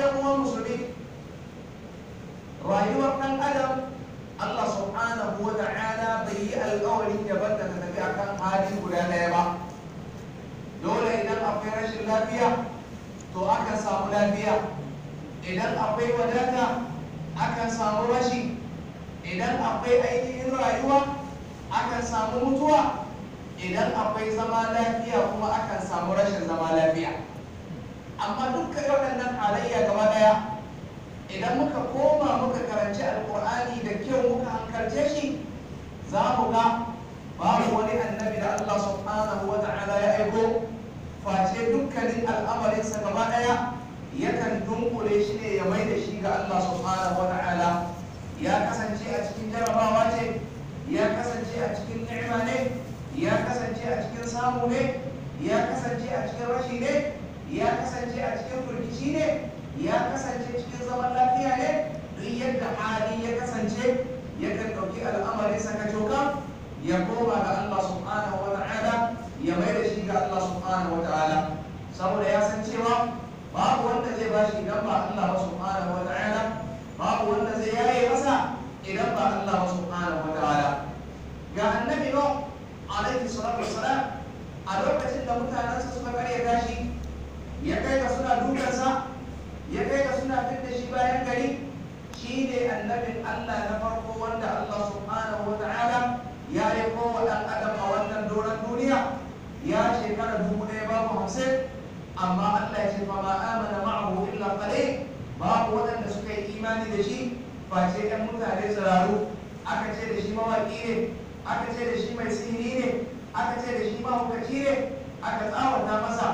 yan uwan musulmi rayuwar ɗan adam Allah subhanahu wa ta'ala bai yi alƙawarin ya bar ta tafi akan hali guda ɗaya ba dole idan akwai rashin lafiya to akan samu lafiya idan akwai wadata akan samu rashi idan akwai ainihin rayuwa akan samu mutuwa idan akwai zama lafiya kuma akan samu rashin zama lafiya amma dukkan waɗannan halayya gaba ɗaya idan muka koma muka karanci alkur'ani da kyau muka hankalce shi za mu ga babu wani annabi da Allah subhanahu wa ta'ala ya aiko face dukkanin al'amarinsa gaba ɗaya yakan dunkule shi ne ya mai da shi ga Allah subhanahu wa ta'ala ya kasance a cikin jarabawa ce ya kasance a cikin ni'ima ne ya kasance a cikin samu ne ya kasance a cikin rashi ne ya kasance a cikin firgici ne ya kasance cikin zaman lafiya ne duk yadda hali ya kasance yakan ɗauki al'amarinsa ka coka ya koma ga Allah subhanahu wa ta'ala ya mai da shi ga Allah subhanahu wa ta'ala saboda ya san cewa babu wanda zai bashi idan ba Allah ba subhanahu wa ta'ala babu wanda zai yaye masa idan ba Allah ba subhanahu wa ta'ala ga annabi no alaihi salatu wassalam a lokacin da mutanen su suka karya tashi ya kai ka suna dukansa ya kai ka suna fit da shi bayan gari shi ne annabin Allah na farko wanda Allah subhanahu wa ta'ala ya yi wa ɗan adam a wannan doron duniya ya shekara dubu ɗaya babu hamsin amma Allah ya ce fa ma amana ma'ahu illa qalil babu waɗanda suka yi imani da shi face ɗan mutane tsiraru aka ce da shi mawaƙi ne aka ce da shi mai sihiri ne aka ce da shi mahaukaci ne aka tsawata masa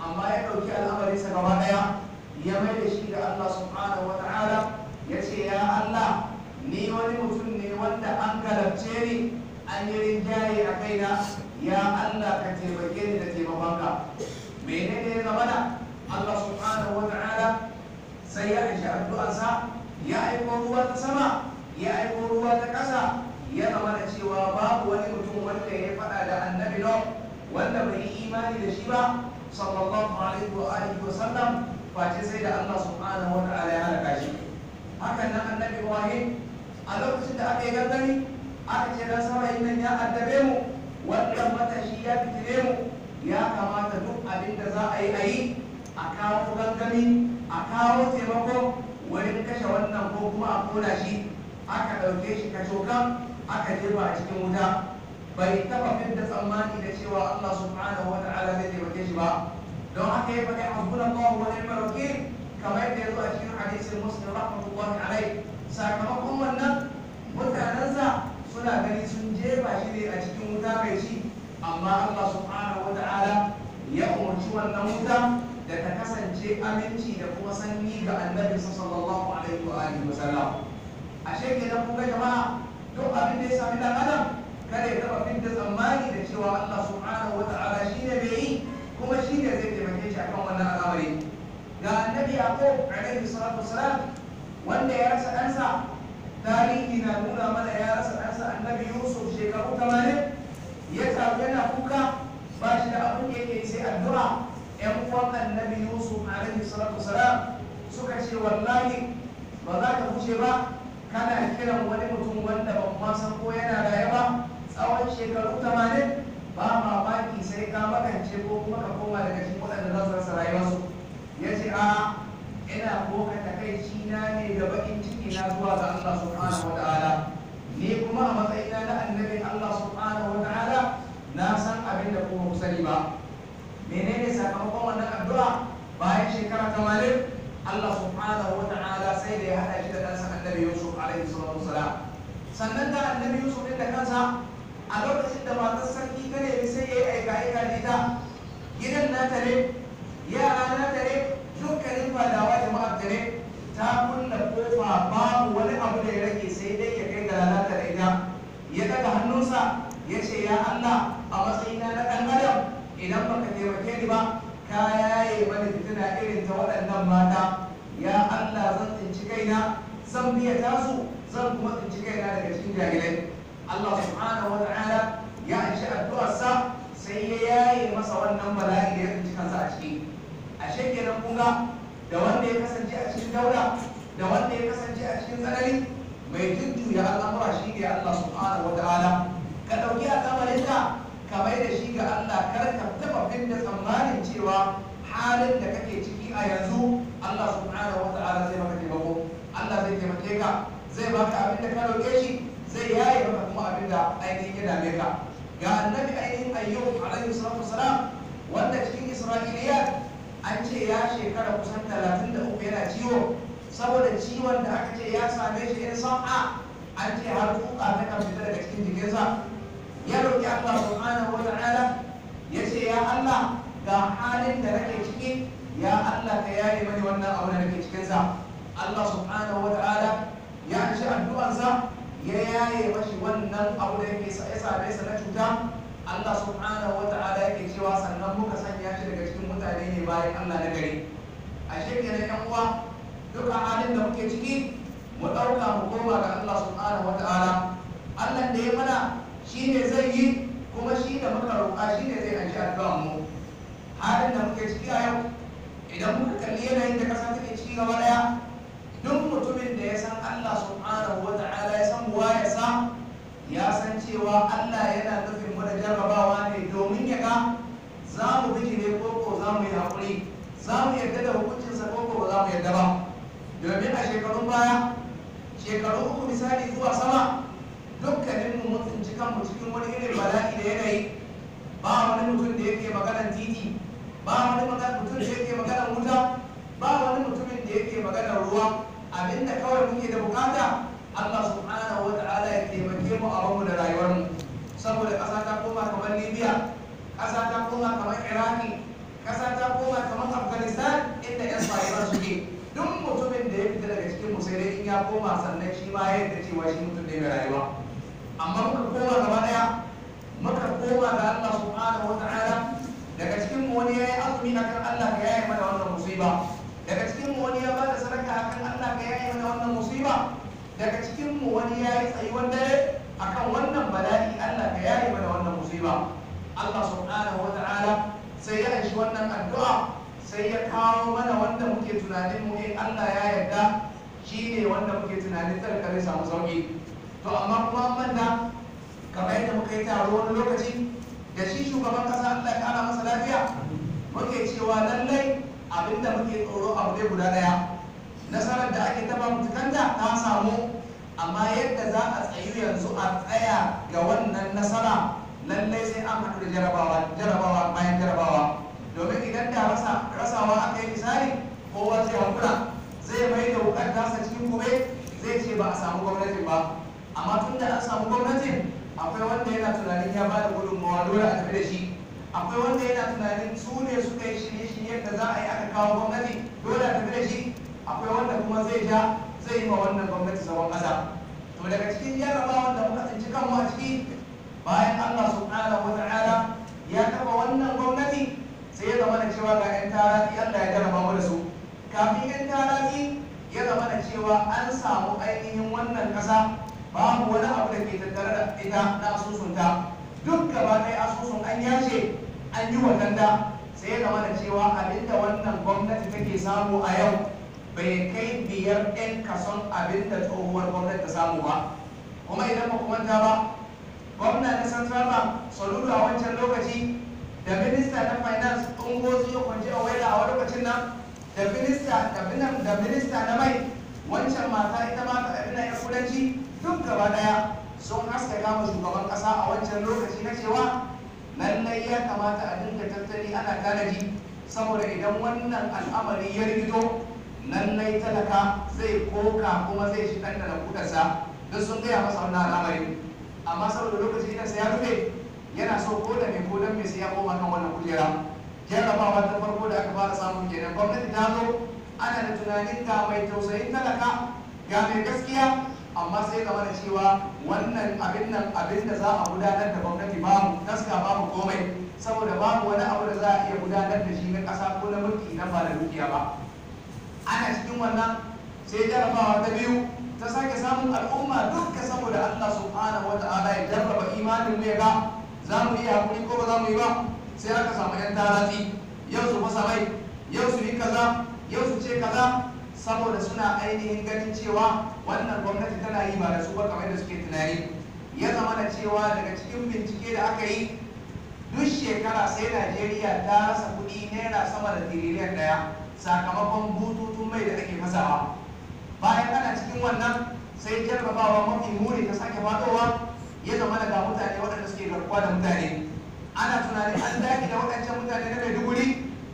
amma ya ɗauki al'amarinsa gaba ɗaya ya mai da shi ga Allah subhanahu wa ta'ala ya ce ya Allah ni wani mutum ne wanda an galabce ni an yi rinjaye a kaina ya Allah ka taimake ni da taimakonka menene ya zama da Allah subhanahu wa ta'ala sai ya ishe addu'arsa ya aiko ruwa ta sama ya aiko ruwa ta ƙasa ya zama da cewa babu wani mutum wanda ya faɗa da annabi Nuh wanda bai yi imani da shi ba sallallahu alaihi wa alihi wa sallam face sai da Allah subhanahu wa ta'ala ya halaka shi hakan nan annabi wahi a lokacin da aka yi gangari aka ce da sama inna ya addabe mu wannan matashi ya fitile mu ya kamata duk abin da za a yi a yi a kawo gangami a kawo taimako wurin kashe wannan ko kuma a kona shi aka ɗauke shi kacokan aka jefa a cikin wuta bai taba da tsammani da cewa Allah subhanahu wa ta'ala zai taimake shi ba don haka ya faɗi hasbunallahu wa wani wakil kamar yadda ya zo a cikin hadisin muslim rahmatullahi alai sakamakon wannan mutanensa suna gani sun jefa shi ne a cikin wuta mai ci amma Allah subhanahu wa ta'ala ya umarci wannan wuta da ta kasance aminci da kuma sanyi ga annabi sallallahu alaihi wa alihi wa sallam ashe kenan kun jama'a duk abin da ya sami dan adam kada ya taba finta tsammani da cewa Allah subhanahu wa ta'ala shine mai yi kuma shine zai taimake shi akan wannan al'amari ga annabi yaqub alaihi salatu wasalam wanda ya rasa ɗansa tarihi na nuna mana ya rasa ɗansa annabi yusuf shekaru 80 ya tafi yana kuka ba shi da abin da yake sai addu'a yan uwan annabi yusuf alaihi salatu suka ce wallahi ba za ka wuce ba kana kiran wani mutum wanda ban ma san ko yana raye ba tsawon shekaru tamanin ba ma baki sai ka makance ko kuma ka koma daga cikin waɗanda za su rasa rayuwarsu ya ce a ina ko koka takaici na ne da bakin ciki na zuwa ga Allah subhanahu wa ta'ala ni kuma a matsayina na annabi Allah subhanahu wa ta'ala na san abin da kuma sani ba menene sakamakon wannan addu'a bayan shekara tamanin Allah subhanahu wa ta'ala sai da ya haɗa shi da ɗansa annabi Yusuf alaihi salatu wasalam sannan da annabi Yusuf ɗin da kansa a lokacin da matar sarki ta nemi sai ya yi aika aika da ita gidan na tare yara na tare dukkanin fadawa jama'ar tare ta kunna kofa babu wani abu da ya rage sai dai ya kai ga lalata da ita ya daga hannunsa ya ce ya Allah a matsayina na ɗan adam idan baka taimake ni ba ka yaye mana fitina irin ta waɗannan mata ya Allah zan tsinci kaina zan biya tasu zan kuma tsinci kaina daga cikin jahilai wannan bala'i da ya tsinci kansa a ciki ashe kenan nan ga da wanda ya kasance a cikin daura da wanda ya kasance a cikin tsanani mai tuntu ya al'amura shi ne Allah subhanahu wa ta'ala ka ɗauki a al'amarinka ka mai da shi ga Allah kar ka taɓa fin da tsammanin cewa halin da kake ciki a yanzu Allah subhanahu wa ta'ala zai maka taimako Allah zai taimake ka zai baka abin da ka ɗauke shi zai yaye maka kuma abin da ainihin ya dame ka ga annabi ainihin a alaihi salatu wasalam wanda cikin isra'iliya an ce ya shekara kusan 33 yana ciwo saboda ciwon da aka ce ya same shi in sam'a an ce har kuka ta kan fita daga cikin jikinsa ya roƙi Allah subhanahu wa ta'ala ya ce ya Allah ga halin da nake ciki ya Allah ka yaye mani wannan abu da nake cikinsa Allah subhanahu wa ta'ala ya ci addu'arsa ya yaye mashi wannan abu da yake ya same sa na cuta Allah subhanahu wa ta'ala yake cewa sannan muka sanya shi daga cikin mutane ne bayan Allah na gari A kenan yan uwa duka halin da muke ciki mu ɗauka mu koma ga Allah subhanahu wa ta'ala Allah da ya mana shi ne zai yi kuma shi da muka roƙa shi ne zai anshi addu'a mu halin da muke ciki a yau idan muka kalli yanayin da kasa take ci gaba daya duk mutumin da ya san Allah subhanahu wa ta'ala ya san wa ya sa ya san cewa Allah yana nufin wata jarrabawa ne domin ya ga za mu ne koko za mu yi haƙuri za mu yarda da hukuncinsa koko ba za mu yarda ba domin a shekarun baya shekaru uku misali zuwa sama mu mun tsinci kanmu cikin wani irin bala'i da yanayi ba wani mutum da yake maganar titi ba wani mutum da yake maganar wuta ba wani mutumin da yake maganar ruwa abinda kawai muke da bukata Allah subhanahu wa ta'ala ya taimake mu a mu da rayuwarmu. saboda ƙasa ta koma kamar libya ƙasa ta koma kamar iraki ƙasa ta koma kamar afghanistan inda yan su suke duk mutumin da ya fita daga cikin mu in ya koma sannan shi ma yadda cewa shi mutum ne mai rayuwa amma muka koma gaba ɗaya muka koma ga Allah subhanahu wa ta'ala daga cikin mu wani yayi azumi akan Allah ka yaye mana wannan musiba daga cikin mu wani ya ba da sadaka akan Allah ka yaye mana wannan musiba daga cikin mu wani yi tsayuwar dare akan wannan bala'i Allah ka yaye mana wannan musiba Allah subhanahu wata'ala sai ya aishi wannan addu'a sai ya kawo mana wanda muke tunanin mu in Allah ya yarda shi ne wanda muke tunanin tarkare samu sauki to amma kuma da kamar yadda muka yi taro wani lokaci da shi shugaban kasa Allah ya kara masa lafiya muke cewa lallai abinda muke tsoro abu ne guda daya nasarar da ake taba mutukanta ta samu amma yadda za a tsayu yanzu a tsaya ga wannan nasara lallai sai an haɗu da jarabawa jarabawa bayan jarabawa domin idan da rasa rasawa aka yi misali kowa zai hankula zai mai da wukar tasa cikin kube zai ce ba a samu gwamnatin ba amma tun da an samu gwamnatin akwai wanda yana tunanin ya bada gudunmawa dole a tafi da shi akwai wanda yana tunanin su ne suka yi shirye-shiryen da za a yi aka kawo gwamnati dole a tafi da shi akwai wanda kuma zai ja zai yi ma wannan gwamnati zagon ƙasa to daga cikin jarrabawan da muka tsinci kanmu a ciki bayan Allah subhanahu wa ta'ala ya taba wannan gwamnati sai ya zama da cewa ga 'yan tarafi Allah ya jarraba mu da su kafin 'yan tarafi ya zama da cewa an samu ainihin wannan ƙasa babu wani abu da ke tattare da ita na asusunta duk gaba ɗaya asusun an yace, an yi watanda sai ya zama da cewa abinda wannan gwamnati take samu a yau bai kai biyar 'yan kason abin da tsohuwar gwamnati ta samu ba kuma idan ba kuma ta ba gwamna na central bank solulu a wancan lokaci da minista na finance gozi ya kwanci a waila a lokacin nan da minista da binan da minista na mai wancan mata ita ma ta abin ya kudanci duk gaba ɗaya. sun haska kama shugaban ƙasa a wancan lokaci na cewa lallai ya kamata a dinga tattali ana tanaji saboda idan wannan al'amari ya rikito. lallai talaka zai koka kuma zai shi ɗanɗana kudarsa duk sun gaya masa wannan al'amari amma saboda lokaci ina sai ya rufe yana so ko da mai ko mai sai ya koma kan wannan kujera jarrabawa ta farko da aka fara samun kenan gwamnati ta zo ana da tunanin ta mai tausayin talaka ga mai gaskiya amma sai ga mana cewa wannan abin nan abin da za a gudanar da gwamnati babu taska babu komai saboda babu wani abu da za a iya gudanar da shi na ƙasa ko na mulki na ba dukiya ba ana cikin wannan sai jarabawa ta biyu ta sake samun al'umma dukka saboda Allah subhanahu wa ta'ala ya jarraba imanin mu ya ga za mu iya hakuri ko ba za mu yi ba sai aka samu yan taratsi yau su fasa mai yau su yi kaza yau su ce kaza saboda suna ainihin ganin cewa wannan gwamnati tana yi ba da su ba kamar da suke tunani ya zama da cewa daga cikin bincike da aka yi duk shekara sai najeriya ta rasa kuɗi naira sama da tiriliyan daya, sakamakon bututun mai da ake fasawa bayan ana cikin wannan sai jarrabawa mafi muni ta sake fadowa ya zama daga mutane waɗanda suke garkuwa da mutane ana tunanin an daki da waɗancan mutane na duguri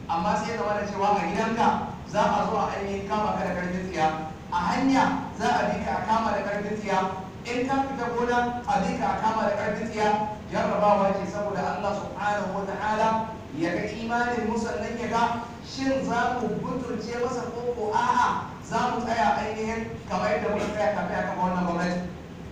amma sai ya zama da cewa a gidanka za a zo a ainihin kama ka da karfin tsiya a hanya za a bi ka a kama da karfin tsiya in ka fita gona a bi ka kama da ƙarfi tsiya jarrabawa ce saboda Allah subhanahu wa ta'ala ya ga imanin mu ya ga shin za mu buturce masa koko a'a za mu tsaya ainihin kamar yadda muka tsaya kafin a kafa wannan gwamnati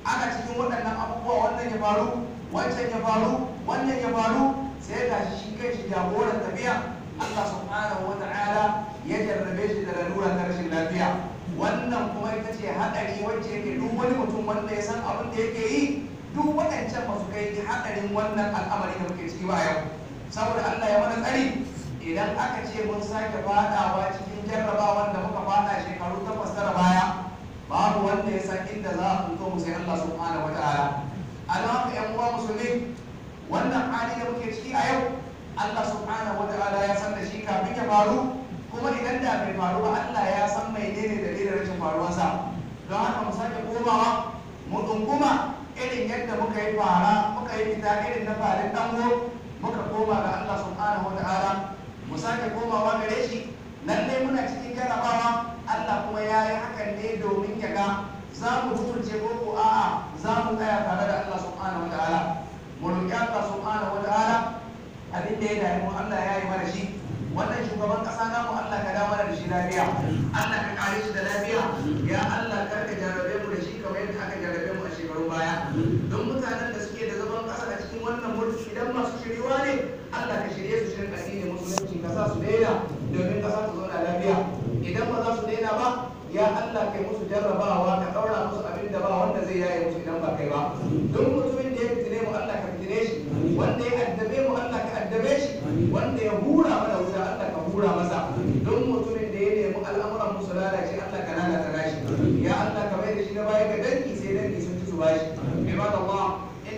aka cikin waɗannan abubuwa wannan ya faru wancan ya faru wannan ya faru sai ka shi kai shi jagoran tafiya Allah subhanahu wa ta'ala ya jarrabe shi da lalura wannan kuma ita ce haɗari wacce yake duk wani mutum wanda ya san abin da yake yi duk waɗancan ba kai kai haɗarin wannan al'amari da muke ciki ba yau saboda Allah ya mana tsari idan aka ce mun sake fadawa cikin jarrabawan da muka fada shekaru takwas tara baya babu wanda ya san inda za a fito mu sai Allah subhanahu wataala ala haka ƴan uwa musulmi wannan hali da muke ciki a yau Allah subhanahu ta'ala ya san da shi kafin ya faru kuma idan da bai faruwa Allah ya san mai ne ne dalilin rashin faruwarsa don haka mu sake komawa mu ɗunguma irin yadda muka yi fara muka yi fita irin na farin dango muka koma ga Allah subhanahu wata'ala mu sake komawa gare shi nan lallai muna cikin jarabawa Allah kuma ya yi hakan ne domin ya ga za mu hukunce ko ko a'a za mu tsaya tare da Allah subhanahu wata'ala mu roƙi Allah subhanahu wata'ala abin da ya dami mu Allah ya yi mana shi wannan shugaban kasa namu Allah ka damar da shi lafiya Allah ka kare shi da lafiya ya Allah kar ka jarabe mu da shi kamar yadda aka jarabe mu a shekaru baya don mutanen da suke da zaman kasa a cikin wannan mulki idan masu shiriwa ne Allah ka shirye su shirin addinin musulunci ka sa su daina domin kasa ta zauna lafiya idan ba za su daina ba ya Allah kai musu jarrabawa ka ɗaura musu abin da ba wanda zai yaye musu idan ba kai ba don mutumin da ya fitine mu Allah ka fitine shi wanda ya addabe mu Allah ka addabe shi wanda ya hura mana wuta Allah ka hura masa don mutumin da ya nemi al'amuran musu lalace Allah ka lalata rashi ya Allah ka bai da shi na baya ga danki sai danki sun ci su bashi bai da Allah